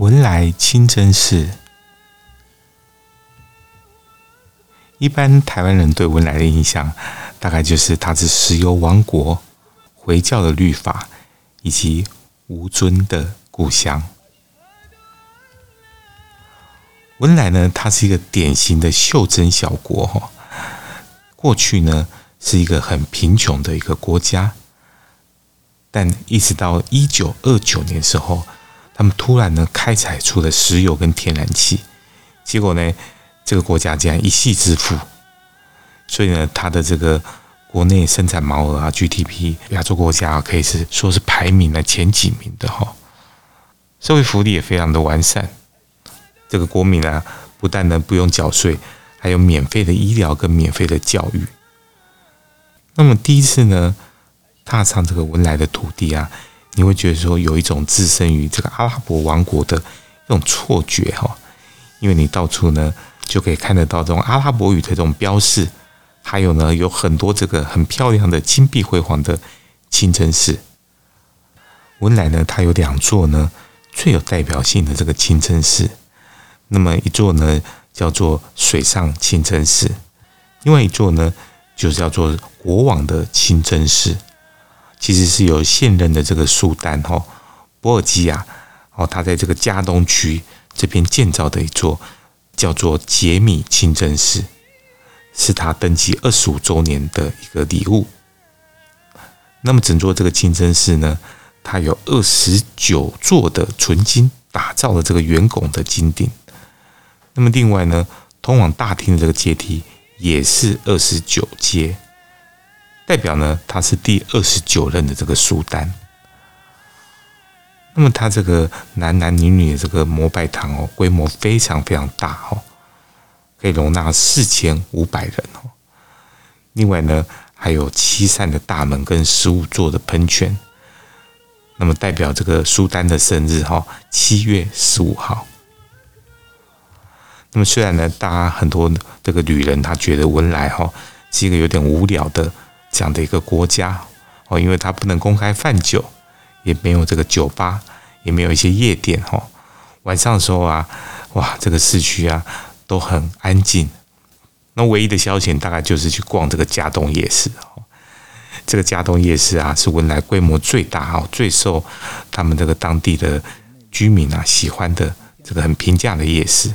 汶萊清真寺，一般台灣人對汶萊的印象，大概就是它是石油王國、回教的律法、以及吳尊的故鄉。汶萊呢，它是一個典型的袖珍小國，哦，過去呢是一個很貧窮的一個國家，但一直到一九二九年的時候，他們突然呢開採出了石油跟天然氣，結果呢這個國家竟然一夕致富，所以呢它的這個國內生產毛額啊 GDP，亞洲國家啊，可以說是說是排名了前幾名的哈、哦，社會福利也非常的完善，這個國民啊不但呢不用繳稅，還有免費的醫療跟免費的教育。那麼第一次呢踏上這個文萊的土地啊。你會覺得說有一種置身於這個阿拉伯王國的這種錯覺哈、哦，因為你到處呢就可以看得到這種阿拉伯語的這種標識，還有呢有很多這個很漂亮的金碧輝煌的清真寺。文萊呢，它有兩座呢最有代表性的這個清真寺，那麼一座呢叫做水上清真寺，另外一座呢就是叫做國王的清真寺。其實是由現任的這個蘇丹哈、哦、博爾基亞哦，然後他在這個加東區這邊建造的一座叫做傑米清真寺，是他登基二十五周年的一個禮物。那麼整座這個清真寺呢，它有二十九座的純金打造的這個圓拱的金頂。那麼另外呢，通往大廳的這個階梯也是二十九階。代表呢，他是第二十九任的這個蘇丹。那麼他這個男男女女的這個膜拜堂哦，規模非常非常大哦，可以容納四千五百人哦。另外呢，還有七扇的大門跟十五座的噴泉。那麼代表這個蘇丹的生日哈，七月十五號。那麼雖然呢，大家很多這個旅人他覺得文萊哈是一個有點無聊的。這樣的一個國家哦，因為它不能公開販酒，也沒有這個酒吧，也沒有一些夜店哈，哦。晚上的時候啊，哇，這個市區啊都很安靜，那唯一的消遣大概就是去逛這個加東夜市哦。這個加東夜市啊，是文萊規模最大，最受他們這個當地的居民啊喜歡的這個很平價的夜市。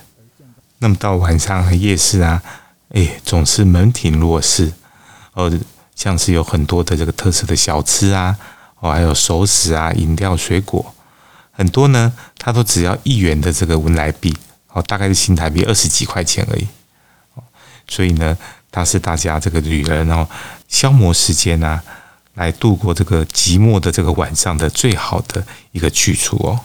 那麼到晚上夜市啊，哎，總是門庭若市哦。像是有很多的這個特色的小吃啊，哦，還有熟食啊、飲料、水果，很多呢，它都只要一元的這個文萊幣，哦，大概是新台幣二十幾塊錢而已。所以呢，它是大家這個旅人哦，然後消磨時間啊，來度過這個寂寞的這個晚上的最好的一個去處哦。